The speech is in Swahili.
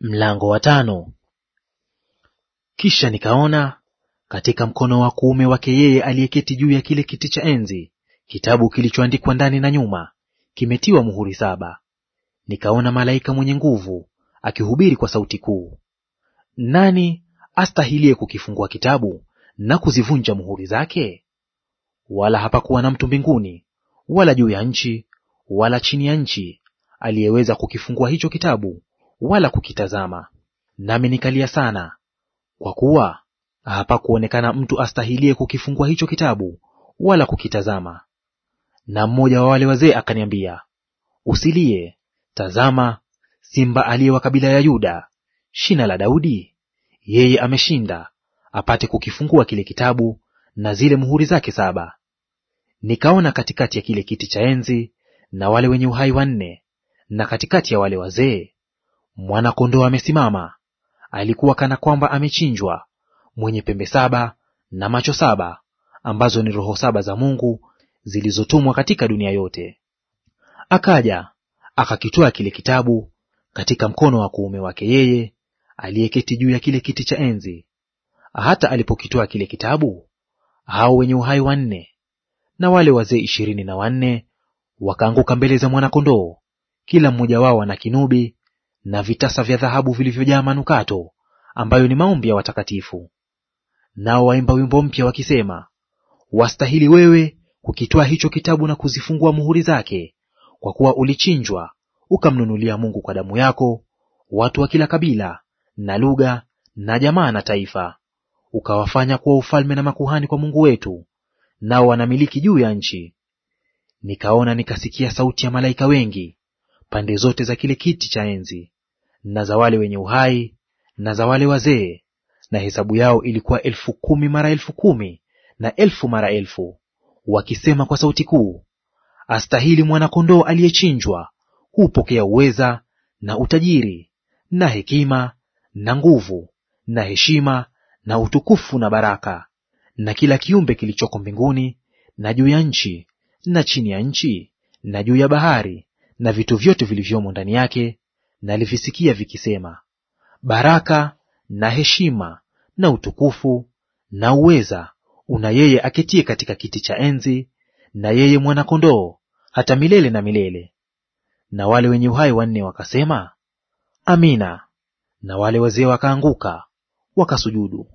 Mlango wa tano. Kisha nikaona katika mkono wa kuume wake yeye aliyeketi juu ya kile kiti cha enzi kitabu kilichoandikwa ndani na nyuma, kimetiwa muhuri saba. Nikaona malaika mwenye nguvu akihubiri kwa sauti kuu, nani astahilie kukifungua kitabu na kuzivunja muhuri zake? Wala hapakuwa na mtu mbinguni wala juu ya nchi wala chini ya nchi aliyeweza kukifungua hicho kitabu wala kukitazama. Nami nikalia sana, kwa kuwa hapakuonekana mtu astahilie kukifungua hicho kitabu wala kukitazama. Na mmoja wa wale wazee akaniambia, Usilie; tazama, simba aliye wa kabila ya Yuda, shina la Daudi, yeye ameshinda, apate kukifungua kile kitabu na zile muhuri zake saba. Nikaona katikati ya kile kiti cha enzi na wale wenye uhai wanne, na katikati ya wale wazee Mwana-kondoo amesimama, alikuwa kana kwamba amechinjwa, mwenye pembe saba na macho saba, ambazo ni roho saba za Mungu zilizotumwa katika dunia yote. Akaja akakitoa kile kitabu katika mkono wa kuume wake yeye aliyeketi juu ya kile kiti cha enzi. Hata alipokitoa kile kitabu, hao wenye uhai wanne na wale wazee ishirini na wanne wakaanguka mbele za mwana-kondoo, kila mmoja wao ana kinubi na vitasa vya dhahabu vilivyojaa manukato, ambayo ni maombi ya watakatifu. Nao waimba wimbo mpya wakisema, wastahili wewe kukitoa hicho kitabu na kuzifungua muhuri zake, kwa kuwa ulichinjwa ukamnunulia Mungu kwa damu yako watu wa kila kabila na lugha na jamaa na taifa, ukawafanya kuwa ufalme na makuhani kwa Mungu wetu, nao wanamiliki juu ya nchi. Nikaona nikasikia sauti ya malaika wengi pande zote za kile kiti cha enzi, na za wale wenye uhai na za wale wazee, na hesabu yao ilikuwa elfu kumi mara elfu kumi na elfu mara elfu, wakisema kwa sauti kuu, Astahili mwana-kondoo aliyechinjwa, hupokea uweza na utajiri na hekima na nguvu na heshima na utukufu na baraka. Na kila kiumbe kilichoko mbinguni na juu ya nchi na chini ya nchi na juu ya bahari na vitu vyote vilivyomo ndani yake nalivisikia vikisema, baraka na heshima na utukufu na uweza una yeye aketie katika kiti cha enzi na yeye mwana-kondoo hata milele na milele. Na wale wenye uhai wanne wakasema, Amina. Na wale wazee wakaanguka wakasujudu.